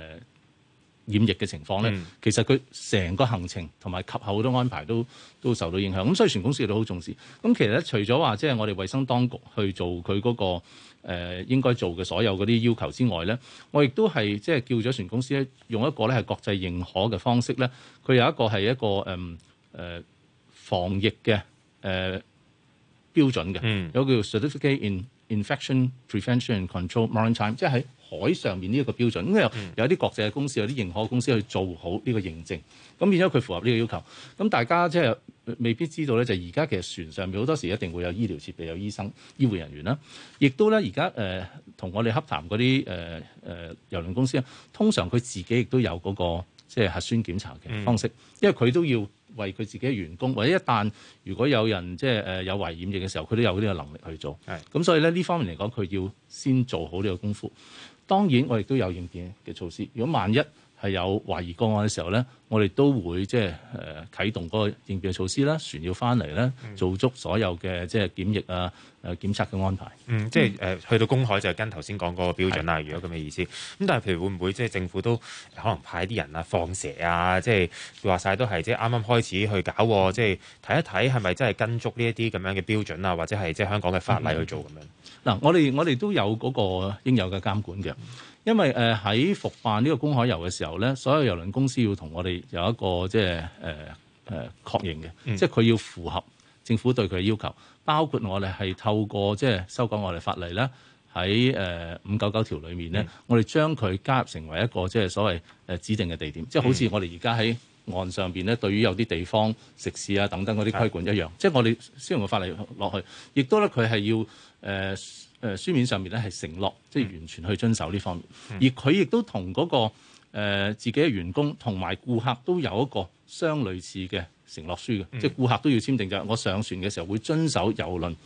疫嘅情況咧，嗯、其實佢成個行程同埋及後好多安排都都受到影響。咁所以船公司亦都好重視。咁其實咧，除咗話即係我哋衞生當局去做佢嗰、那個。誒、呃、應該做嘅所有嗰啲要求之外咧，我亦都係即係叫咗船公司咧，用一個咧係國際認可嘅方式咧，佢有一個係一個、嗯呃、防疫嘅誒、呃、標準嘅，嗯、有個叫 certificate in infection prevention and control maritime，即係喺海上面呢一個標準，因、嗯、為、嗯、有啲國際嘅公司有啲認可嘅公司去做好呢個認證，咁變咗佢符合呢個要求，咁大家即係。未必知道咧，就而家其實船上面好多時一定會有醫療設備，有醫生、醫護人員啦。亦都咧，而家誒同我哋洽談嗰啲誒誒郵輪公司啊，通常佢自己亦都有嗰個即係核酸檢查嘅方式，嗯、因為佢都要為佢自己嘅員工，或者一旦如果有人即係誒有危險染嘅時候，佢都有呢個能力去做。係咁是，所以咧呢方面嚟講，佢要先做好呢個功夫。當然，我亦都有應變嘅措施。如果萬一，係有懷疑個案嘅時候咧，我哋都會即係誒啟動嗰個應變措施啦，船要翻嚟啦，做足所有嘅即係檢疫啊、誒檢測嘅安排。嗯，即係誒、呃嗯、去到公海就係、是、跟頭先講嗰個標準啦，是如果咁嘅意思。咁但係譬如會唔會即係、就是、政府都可能派啲人啊，放蛇啊，即係話晒都係即係啱啱開始去搞，即係睇一睇係咪真係跟足呢一啲咁樣嘅標準啊，或者係即係香港嘅法例去做咁是樣？嗱，我哋我哋都有嗰個應有嘅監管嘅。因為誒喺復辦呢個公海遊嘅時候呢，所有遊輪公司要同我哋有一個、呃呃確的嗯、即係誒誒確認嘅，即係佢要符合政府對佢嘅要求。包括我哋係透過即係修改我哋法例啦。喺誒五九九條裡面呢，嗯、我哋將佢加入成為一個即係所謂誒指定嘅地點，嗯、即係好似我哋而家喺岸上邊咧，對於有啲地方食肆啊等等嗰啲規管一樣。是的即係我哋先用個法例落去，亦都呢，佢係要誒。呃誒書面上面咧係承諾，即、就、係、是、完全去遵守呢方面。嗯、而佢亦都同嗰、那個、呃、自己嘅員工同埋顧客都有一個相類似嘅承諾書嘅，嗯、即係顧客都要簽訂就係我上船嘅時候會遵守郵輪誒、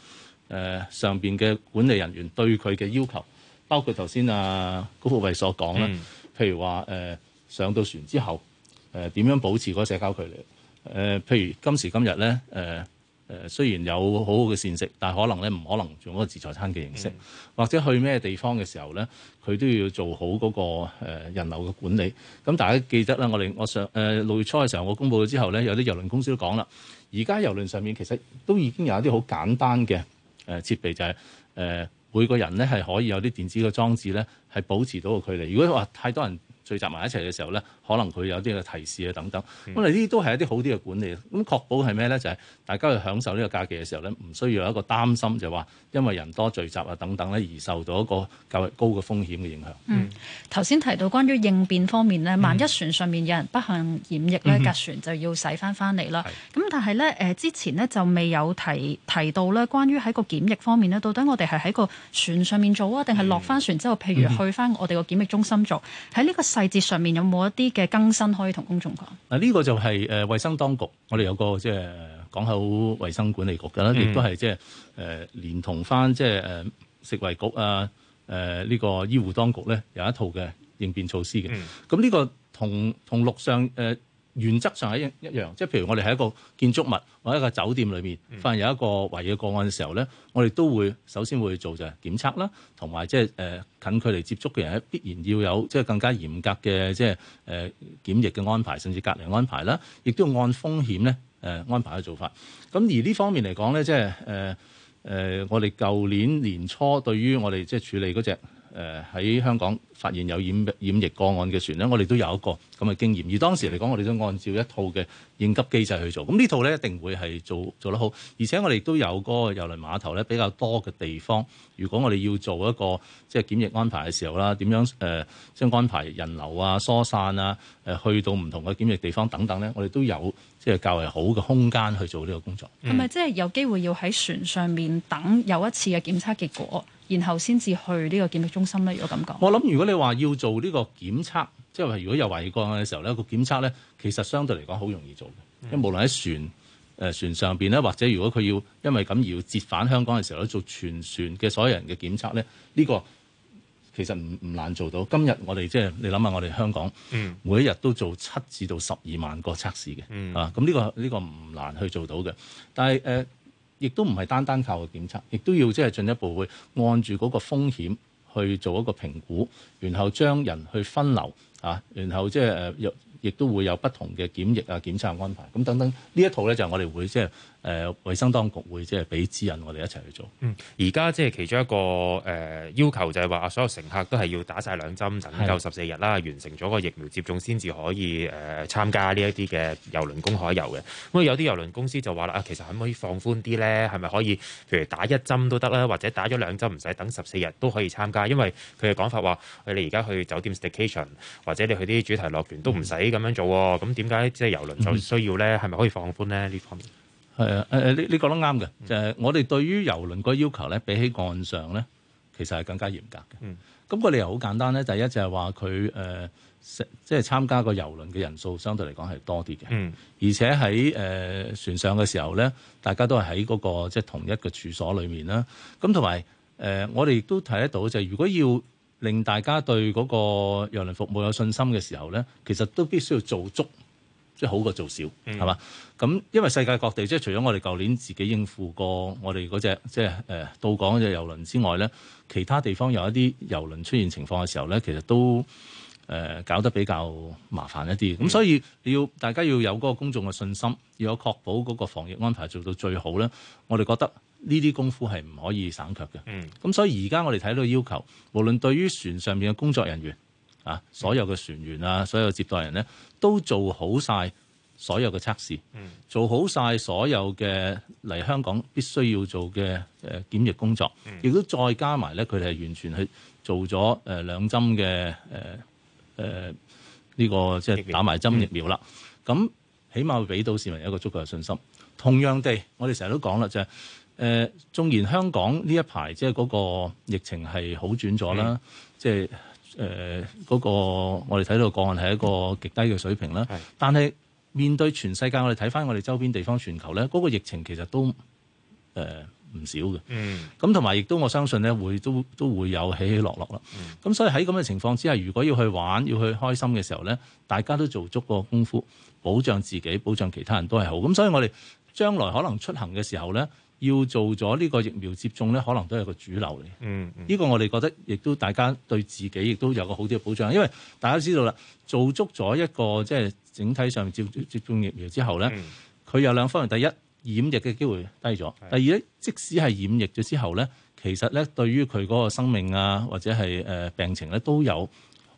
呃、上邊嘅管理人員對佢嘅要求，包括頭先阿高富衛所講啦，嗯、譬如話誒、呃、上到船之後誒點、呃、樣保持嗰社交距離誒、呃，譬如今時今日咧誒。呃誒雖然有好好嘅膳食，但係可能咧唔可能用嗰個自助餐嘅形式，或者去咩地方嘅時候咧，佢都要做好嗰個人流嘅管理。咁大家記得啦，我哋我上誒六月初嘅時候，我公佈咗之後咧，有啲郵輪公司都講啦，而家郵輪上面其實都已經有一啲好簡單嘅誒設備，就係誒每個人咧係可以有啲電子嘅裝置咧係保持到個距離。如果話太多人，聚集埋一齊嘅時候呢，可能佢有啲嘅提示啊等等，咁啊呢啲都係一啲好啲嘅管理，咁確保係咩呢？就係、是、大家去享受呢個假期嘅時候呢，唔需要有一個擔心，就話因為人多聚集啊等等咧而受到一個較為高嘅風險嘅影響。嗯，頭先提到關於應變方面呢，萬一船上面有人不幸染疫呢，架、嗯、哼船就要駛翻翻嚟啦。咁、嗯、哼但係呢，誒之前呢就未有提提到呢關於喺個檢疫方面呢，到底我哋係喺個船上面做啊，定係落翻船之後，譬如去翻我哋個檢疫中心做？喺呢、這個。細節上面有冇一啲嘅更新可以同公眾講？嗱、啊，呢、呢個就係誒衞生當局，我哋有個即係、呃、港口衞生管理局嘅啦，亦都係即係誒連同返即係誒食衞局啊，誒呢、呃呢個醫護當局咧，有一套嘅應變措施嘅。咁呢、嗯、個同同陸上誒。呃原則上係一一樣，即係譬如我哋喺一個建築物或者一個酒店裏面，發現有一個懷疑個案嘅時候咧，我哋都會首先會做就係檢測啦，同埋即係誒近距離接觸嘅人，必然要有即係更加嚴格嘅即係誒檢疫嘅安排，甚至隔離安排啦，亦都要按風險咧誒安排嘅做法。咁而呢方面嚟講咧，即係誒誒，我哋舊年年初對於我哋即係處理嗰隻誒喺香港，發現有染染疫個案嘅船咧，我哋都有一個咁嘅經驗。而當時嚟講，我哋都按照一套嘅應急機制去做。咁呢套咧一定會係做做得好，而且我哋都有個遊輪碼頭咧比較多嘅地方。如果我哋要做一個即係檢疫安排嘅時候啦，點樣誒將、呃、安排人流啊疏散啊誒去到唔同嘅檢疫地方等等咧，我哋都有即係較為好嘅空間去做呢個工作。係咪即係有機會要喺船上面等有一次嘅檢測結果，然後先至去呢個檢疫中心咧？如果咁講，我諗如果你。話要做呢個檢測，即係話如果有懷疑個案嘅時候咧，嗰個檢測咧其實相對嚟講好容易做嘅，因為無論喺船誒、呃、船上邊咧，或者如果佢要因為咁而要折返香港嘅時候咧，做全船嘅所有人嘅檢測咧，呢、這個其實唔唔難做到。今日我哋即係你諗下，我哋香港，嗯、每一日都做七至到十二萬個測試嘅，嗯、啊，咁呢、這個呢、這個唔難去做到嘅。但係誒，亦、呃、都唔係單單靠個檢測，亦都要即係進一步去按住嗰個風險。去做一個評估，然後將人去分流啊，然後即係誒，亦都會有不同嘅檢疫啊、檢測安排，咁等等呢一套咧就係、是、我哋會即係。誒、呃，衛生當局會即係俾指引我哋一齊去做。嗯，而家即係其中一個、呃、要求就係話，所有乘客都係要打晒兩針，等夠十四日啦，的完成咗個疫苗接種先至可以誒參、呃、加呢一啲嘅遊輪公海遊嘅。咁有啲遊輪公司就話啦，啊，其實可唔可以放寬啲咧？係咪可以，譬如打一針都得啦，或者打咗兩針唔使等十四日都可以參加？因為佢嘅講法話、呃，你而家去酒店 staycation 或者你去啲主題樂園都唔使咁樣做喎。咁點解即係遊輪就需要咧？係咪、嗯、可以放寬咧？呢方面？係啊，誒你你講得啱嘅，就係、是、我哋對於遊輪個要求咧，比起岸上咧，其實係更加嚴格嘅。咁、那個理由好簡單咧，第一就係話佢誒即係參加個遊輪嘅人數相對嚟講係多啲嘅，嗯、而且喺誒、呃、船上嘅時候咧，大家都係喺嗰個即係、就是、同一個處所裏面啦。咁同埋誒，我哋亦都睇得到，就係如果要令大家對嗰個遊輪服務有信心嘅時候咧，其實都必須要做足。即係好過做少，係嘛的？咁因為世界各地，即係除咗我哋舊年自己應付過我哋嗰隻即係誒到港嗰隻遊輪之外咧，其他地方有一啲遊輪出現情況嘅時候咧，其實都、呃、搞得比較麻煩一啲。咁的所以你要大家要有嗰個公眾嘅信心，要有確保嗰個防疫安排做到最好咧，我哋覺得呢啲功夫係唔可以省卻嘅。咁的所以而家我哋睇到嘅要求，無論對於船上面嘅工作人員。啊！所有嘅船員啊，所有接待人咧，都做好晒所有嘅測試，做好晒所有嘅嚟香港必須要做嘅誒檢疫工作，亦、嗯、都再加埋咧，佢哋係完全去做咗誒、呃、兩針嘅誒誒呢個即係打埋針疫苗啦。咁、嗯、起碼會俾到市民一個足夠嘅信心。同樣地，我哋成日都講啦，就係誒縱然香港呢一排即係嗰個疫情係好轉咗啦，嗯、即係。誒嗰、呃那個我哋睇到個案係一個極低嘅水平啦，是的 但係面對全世界，我哋睇翻我哋周邊地方、全球呢，嗰、那個疫情其實都誒唔、呃、少嘅。嗯，咁同埋亦都我相信呢，會都都會有起起落落啦。咁、嗯、所以喺咁嘅情況之下，如果要去玩、要去開心嘅時候呢，大家都做足個功夫，保障自己，保障其他人都係好。咁所以我哋。將來可能出行嘅時候咧，要做咗呢個疫苗接種咧，可能都係個主流嚟、嗯。嗯，這個我哋覺得亦都大家對自己亦都有個好啲嘅保障，因為大家知道啦，做足咗一個即係整體上接接種疫苗之後咧，佢、嗯、有兩方面：第一，染疫嘅機會低咗；第二咧，即使係染疫咗之後咧，其實咧對於佢嗰個生命啊或者係誒病情咧都有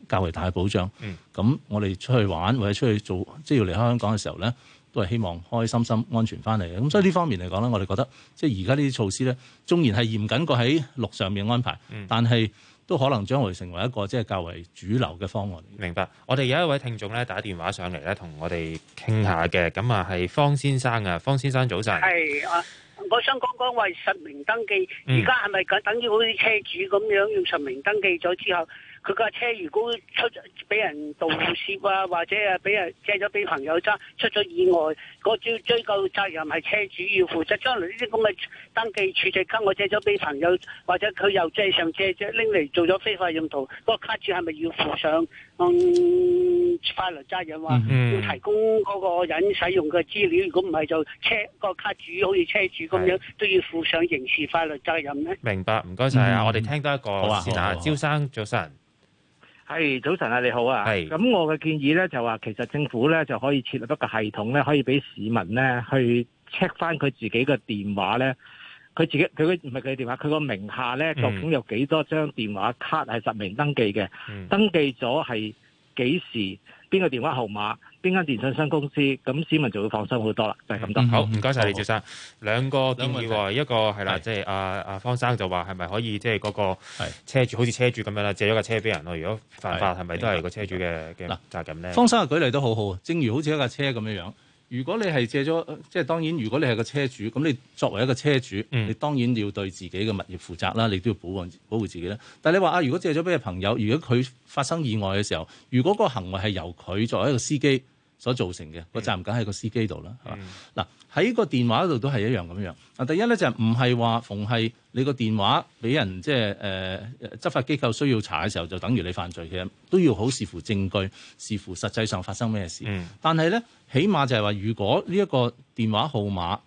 較為大嘅保障。嗯，咁我哋出去玩或者出去做即係要離開香港嘅時候咧。都係希望開心心安全翻嚟嘅，咁所以呢方面嚟講呢我哋覺得即係而家呢啲措施呢，縱然係嚴謹過喺陸上面安排，但係都可能將會成為一個即係較為主流嘅方案。嗯、明白。我哋有一位聽眾呢，打電話上嚟呢，同我哋傾下嘅，咁啊係方先生啊，方先生早晨。係啊，我想講講話實名登記，而家係咪等於好似車主咁樣要實名登記咗之後？佢架車如果出咗俾人盜竊啊，或者係俾人借咗俾朋友揸，出咗意外，嗰個追究責任係車主要負責。將來呢啲咁嘅登記處置卡，我借咗俾朋友，或者佢又借上借借拎嚟做咗非法用途，嗰個卡主係咪要負上嗯、法律責任、啊？話、嗯、哼要提供嗰個人使用嘅資料，如果唔係就車嗰個卡主，好似車主咁樣的都要負上刑事法律責任呢、啊？明白，唔該晒啊！嗯、哼我哋聽多一個先啦、啊，趙生早晨。係、hey, 早晨啊，你好啊！係是，咁我嘅建議咧就話，其實政府咧就可以設立一個系統咧，可以俾市民咧去 check 返佢自己嘅電話咧，佢自己佢嘅唔係佢嘅電話，佢個名下咧、嗯、究竟有幾多張電話卡係實名登記嘅？嗯、登記咗係。幾時、邊個電話號碼、邊間電信商公司？咁市民就會放心好多啦，就係咁多。好，唔該晒。李小姐，兩個建議話一個係啦，即係阿阿方生就話係咪可以即係嗰個車主是好似車主咁樣啦，借咗架車俾人咯？如果犯法係咪都係個車主嘅嘅的責任咧？方生嘅舉例都好好，正如好似一架車咁樣樣。如果你係借咗，即係當然。如果你係個車主，咁你作為一個車主，你當然要對自己嘅物業負責啦，你都要保護自己啦。但係你話啊，如果借咗俾個朋友，如果佢發生意外嘅時候，如果嗰個行為係由佢作為一個司機，所造成嘅個責任梗喺個司機度啦，係嘛？嗱喺個電話度都係一樣咁樣。嗱，第一咧就唔係話逢係你個電話俾人，即係誒執法機構需要查嘅時候，就等於你犯罪嘅，都要好視乎證據，視乎實際上發生咩事。嗯、但係咧，起碼就係話，如果呢一個電話號碼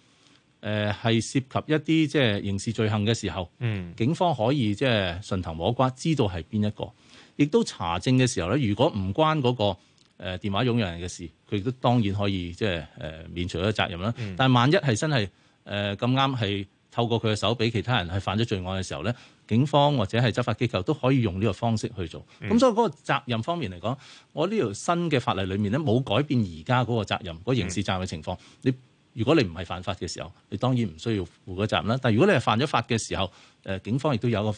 誒係、呃、涉及一啲即係刑事罪行嘅時候，嗯、警方可以即係、即係、順藤摸瓜，知道係邊一個。亦都查證嘅時候咧，如果唔關嗰、嗰個。誒電話擁有人嘅事，佢都當然可以即係誒免除咗責任啦。嗯、但係萬一係真係誒咁啱係透過佢嘅手俾其他人係犯咗罪案嘅時候咧，警方或者係執法機構都可以用呢個方式去做。咁、嗯、所以嗰個責任方面嚟講，我呢條新嘅法例裡面咧冇改變而家嗰個責任嗰、嗰個、刑事責任嘅情況。嗯、你如果你唔係犯法嘅時候，你當然唔需要負嗰責任啦。但係如果你係犯咗法嘅時候，誒警方亦都有個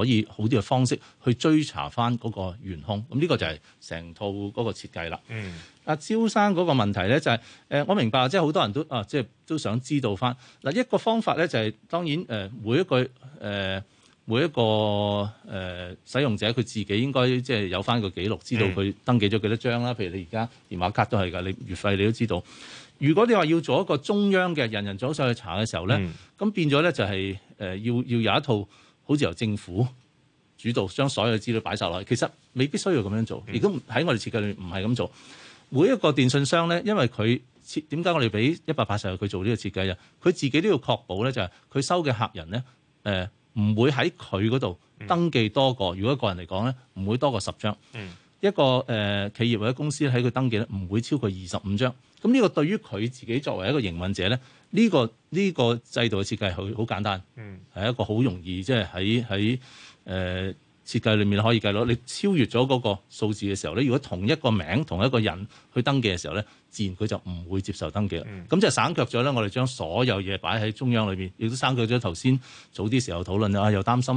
可以好啲嘅方式去追查翻嗰個元兇，咁呢個就係成套嗰個設計啦。嗯，阿招生嗰個問題咧就係、是、我明白即係好多人都啊，即、就、係、是、都想知道翻嗱一個方法咧就係、是、當然每一句每一個,、呃每一個呃、使用者佢自己應該即係有翻個記錄，知道佢登記咗幾多張啦。嗯、譬如你而家電話卡都係㗎，你月費你都知道。如果你話要做一個中央嘅人人組上去查嘅時候咧，咁、嗯、變咗咧就係誒要要有一套，好似由政府主導，將所有資料擺晒落去。其實未必需要咁樣做。如果喺我哋設計裏面唔係咁做，每一個電信商咧，因為佢設點解我哋俾一百八十日佢做呢個設計啊？佢自己都要確保咧，就係佢收嘅客人咧，誒唔會喺佢嗰度登記多過。嗯、如果一個人嚟講咧，唔會多過十張。嗯、一個誒、呃、企業或者公司喺佢登記咧，唔會超過二十五張。咁呢個對於佢自己作為一個營運者咧，呢、這個呢、這個制度嘅設計好好簡單，係、嗯、一個好容易即係喺喺誒設計裏面可以計到，你超越咗嗰個數字嘅時候咧，如果同一個名同一個人去登記嘅時候咧，自然佢就唔會接受登記啦。咁就、嗯、省卻咗咧，我哋將所有嘢擺喺中央裏面，亦都省卻咗頭先早啲時候討論啊，又擔心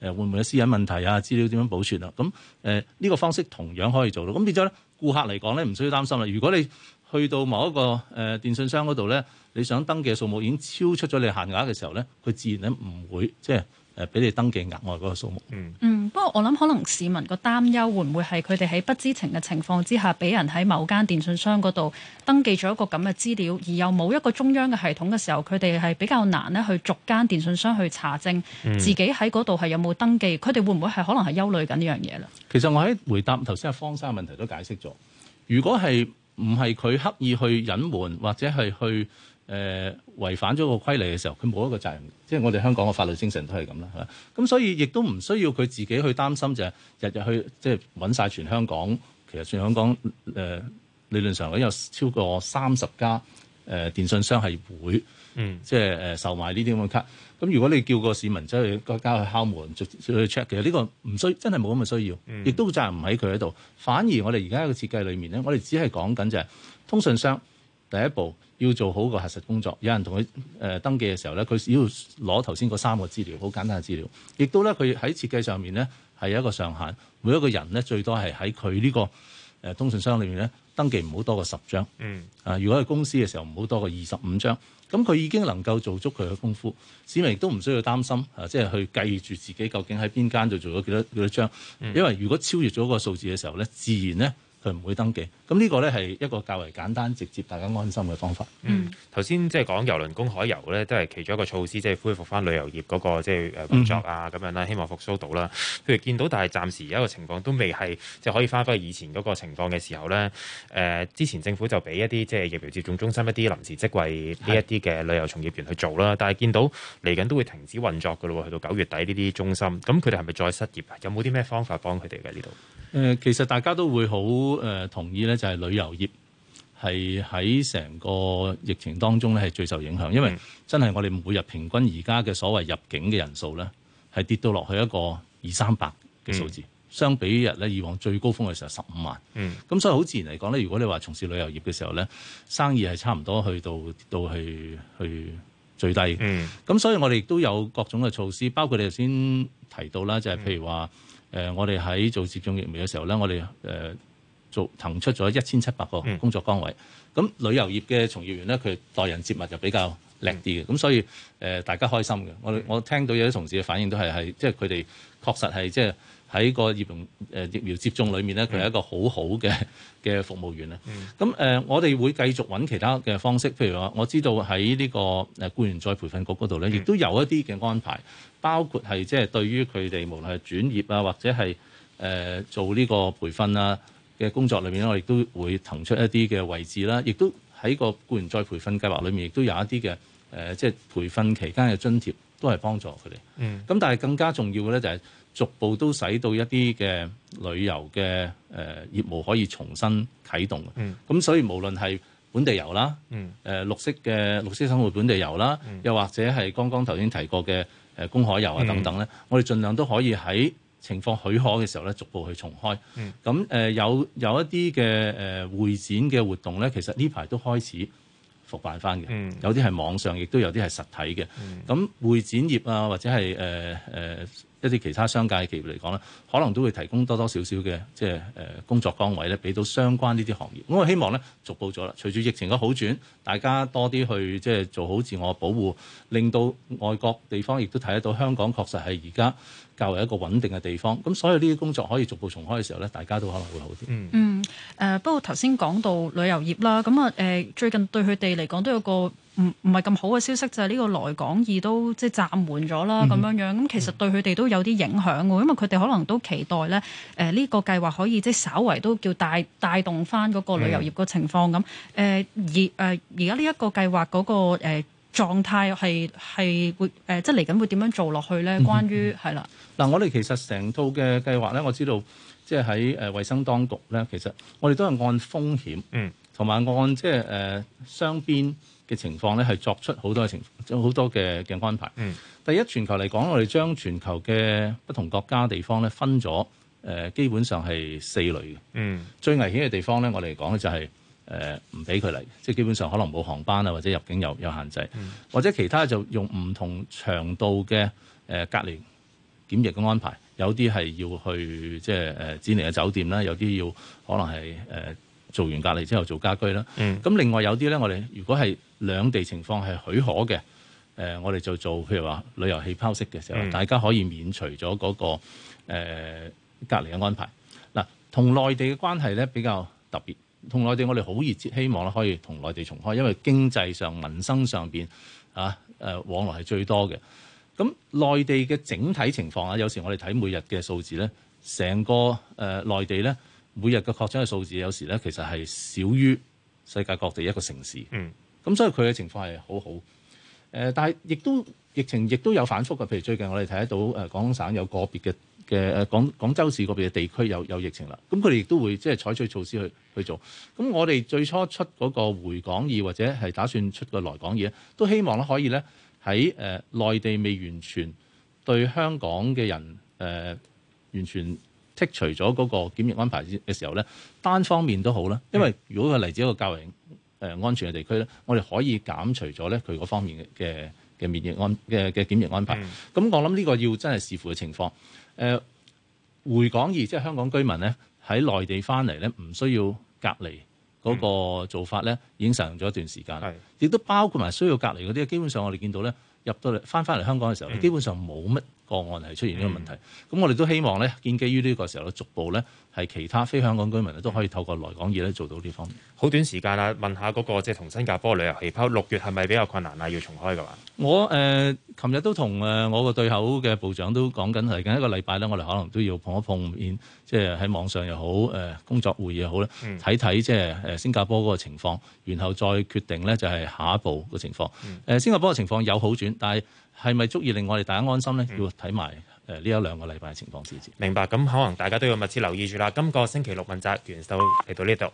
誒會唔會有私隱問題資啊、資料點樣保存啊。咁、這、呢個方式同樣可以做到。咁變咗咧，顧、呃、客嚟講咧唔需要擔心啦。如果你去到某一個誒、呃、電信商嗰度咧，你想登記嘅數目已經超出咗你的限額嘅時候咧，佢自然咧唔會即係誒俾你登記額外嗰個數目。嗯，嗯，不過我諗可能市民個擔憂會唔會係佢哋喺不知情嘅情況之下，俾人喺某間電信商嗰度登記咗一個咁嘅資料，而又冇一個中央嘅系統嘅時候，佢哋係比較難咧去逐間電信商去查證自己喺嗰度係有冇登記，佢哋會唔會係可能係憂慮緊呢樣嘢咧？嗯、其實我喺回答頭先阿方生嘅問題都解釋咗，如果係。唔係佢刻意去隱瞞或者係去誒、呃、違反咗個規例嘅時候，佢冇一個責任。即係我哋香港嘅法律精神都係咁啦嚇。咁所以亦都唔需要佢自己去擔心，就係日日去即係搵晒全香港，其實全香港誒、呃、理論上都有超過三十家誒、呃、電信商係會。嗯，即係誒售賣呢啲咁嘅卡，咁如果你叫個市民走去個家去敲門，就去 check，其實呢個唔需，真係冇咁嘅需要，亦都責任唔喺佢喺度。反而我哋而家一個設計裏面咧，我哋只係講緊就係通訊商第一步要做好個核實工作。有人同佢、呃、登記嘅時候咧，佢只要攞頭先嗰三個資料，好簡單嘅資料。亦都咧，佢喺設計上面咧係有一個上限，每一個人咧最多係喺佢呢個、呃、通訊商裏面咧。登記唔好多過十張，啊，如果係公司嘅時候唔好多過二十五張，咁佢已經能夠做足佢嘅功夫，市民亦都唔需要擔心，啊，即係去計住自己究竟喺邊間度做咗幾多幾多張，因為如果超越咗個數字嘅時候咧，自然咧。佢唔會登記，咁呢個呢，係一個較為簡單直接、大家安心嘅方法。嗯，頭先即係講遊輪公海遊呢，都係其中一個措施，即係恢復翻旅遊業嗰個即係誒工作啊，咁樣啦，希望復甦到啦。譬如見到，但係暫時有一個情況都未係即係可以翻返去以前嗰個情況嘅時候呢。誒，之前政府就俾一啲即係疫苗接種中心一啲臨時職位呢一啲嘅旅遊從業員去做啦。是但係見到嚟緊都會停止運作嘅咯，去到九月底呢啲中心，咁佢哋係咪再失業？有冇啲咩方法幫佢哋嘅呢度？誒，其實大家都會好。都呃同意咧，就係旅遊業係喺成個疫情當中咧，係最受影響，因為真係我哋每日平均而家嘅所謂入境嘅人數咧，係跌到落去一個二三百嘅數字，嗯、相比日咧以往最高峰嘅時候是十五萬。嗯，咁所以好自然嚟講咧，如果你話從事旅遊業嘅時候咧，生意係差唔多去到到去去最低。嗯，咁所以我哋亦都有各種嘅措施，包括你頭先提到啦，就係、是、譬如話、嗯呃、我哋喺做接種疫苗嘅時候咧，我哋呃做騰出咗一千七百個工作崗位，咁、嗯、旅遊業嘅從業員咧，佢待人接物就比較叻啲嘅，咁、嗯、所以誒、呃、大家開心嘅。我我聽到有啲同事嘅反應都係係，即係佢哋確實係即係喺個疫苗、呃、疫苗接種裡面咧，佢係一個好好嘅嘅服務員啦。咁誒、嗯呃，我哋會繼續揾其他嘅方式，譬如話我知道喺呢個誒僱員再培訓局嗰度咧，亦都有一啲嘅安排，包括係即係對於佢哋無論係轉業啊，或者係誒、呃、做呢個培訓啊。嘅工作裏面，我亦都會騰出一啲嘅位置啦，亦都喺個僱員再培訓計劃裏面，亦都有一啲嘅誒，即、呃、係、就是、培訓期間嘅津貼都係幫助佢哋。嗯，咁但係更加重要嘅咧，就係逐步都使到一啲嘅旅遊嘅誒、呃、業務可以重新啟動。嗯，咁所以無論係本地遊啦，嗯，誒、呃、綠色嘅綠色生活本地遊啦，嗯、又或者係剛剛頭先提過嘅誒公海遊啊等等咧，嗯、我哋儘量都可以喺情況許可嘅時候咧，逐步去重開。咁誒、嗯嗯、有有一啲嘅誒會展嘅活動咧，其實呢排都開始復辦翻嘅。嗯、有啲係網上，亦都有啲係實體嘅。咁、嗯嗯嗯、會展業啊，或者係誒誒。呃呃一啲其他商界嘅企業嚟講咧，可能都會提供多多少少嘅即係誒工作崗位咧，俾到相關呢啲行業。咁我希望咧逐步咗啦，隨住疫情嘅好轉，大家多啲去即係做好自我保護，令到外國地方亦都睇得到香港確實係而家較為一個穩定嘅地方。咁所以呢啲工作可以逐步重開嘅時候咧，大家都可能會好啲。嗯嗯誒，不過頭先講到旅遊業啦，咁啊誒最近對佢哋嚟講都有個唔唔係咁好嘅消息就係、是、呢個來港易都即係、就是、暫緩咗啦，咁、嗯、樣樣咁其實對佢哋都有啲影響喎，因為佢哋可能都期待咧，誒、呃、呢、這個計劃可以即係稍為都叫帶帶動返嗰個旅遊業個情況咁。誒、嗯呃、而誒而家呢一個計劃嗰、那個誒、呃、狀態係係會、呃、即係嚟緊會點樣做落去咧？關於係啦，嗱、嗯的呃、我哋其實成套嘅計劃咧，我知道即係喺誒衞生當局咧，其實我哋都係按風險，嗯，同埋按即係誒雙邊。嘅情況咧，係作出好多嘅情況，好多嘅嘅安排。嗯、第一，全球嚟講，我哋將全球嘅不同國家地方咧分咗，誒、呃、基本上係四類嘅。嗯，最危險嘅地方咧，我哋嚟講咧就係誒唔俾佢嚟，即係基本上可能冇航班啊，或者入境有有限制，嗯、或者其他就用唔同長度嘅誒、呃、隔離檢疫嘅安排。有啲係要去，即係誒指定嘅酒店啦，有啲要可能係誒。呃做完隔離之後做家居啦，咁、嗯、另外有啲呢，我哋如果係兩地情況係許可嘅，誒、呃，我哋就做譬如話旅遊氣泡式嘅時候，嗯、大家可以免除咗嗰、那個、呃、隔離嘅安排。嗱、啊，同內地嘅關係呢，比較特別，同內地我哋好熱切希望咧可以同內地重開，因為經濟上、民生上邊啊誒、啊啊啊，往來係最多嘅。咁、啊、內地嘅整體情況啊，有時候我哋睇每日嘅數字呢，成個誒、呃、內地呢。每日嘅確診嘅數字，有時咧其實係少於世界各地一個城市。嗯，咁所以佢嘅情況係好好。誒、呃，但係亦都疫情亦都有反覆嘅。譬如最近我哋睇得到誒廣、呃、東省有個別嘅嘅廣廣州市個別嘅地區有有疫情啦。咁佢哋亦都會即係、就是、採取措施去去做。咁我哋最初出嗰個回港易或者係打算出個來港易，都希望咧可以咧喺誒內地未完全對香港嘅人誒、呃、完全。剔除咗嗰個檢疫安排嘅時候咧，單方面都好啦。因為如果係嚟自一個較為誒安全嘅地區咧，我哋可以減除咗咧佢嗰方面嘅嘅免疫安嘅嘅檢疫安排。咁、嗯、我諗呢個要真係視乎嘅情況。誒、呃，回港而即係香港居民咧喺內地翻嚟咧，唔需要隔離嗰個做法咧已經實行咗一段時間啦。係，亦都、嗯、包括埋需要隔離嗰啲，基本上我哋見到咧入到嚟翻翻嚟香港嘅時候，嗯、基本上冇乜。個案係出現呢個問題，咁、嗯、我哋都希望咧，建基於呢個時候咧，逐步咧係其他非香港居民咧都可以透過來港業咧做到呢方面。好短時間啦、啊，問一下嗰、那個即係、就是、同新加坡旅遊氣泡六月係咪比較困難啊？要重開嘅話，我誒琴日都同誒我個對口嘅部長都講緊係，近一個禮拜咧，我哋可能都要碰一碰面，即係喺網上又好，誒、呃、工作會議又好咧，睇睇即係誒新加坡嗰個情況，然後再決定咧就係下一步嘅情況。誒、嗯呃、新加坡嘅情況有好轉，但係。係咪足以令我哋大家安心呢？嗯、要睇埋誒呢一兩個禮拜嘅情況先至。明白。咁可能大家都要密切留意住啦。今個星期六問責完 Show 嚟到呢度。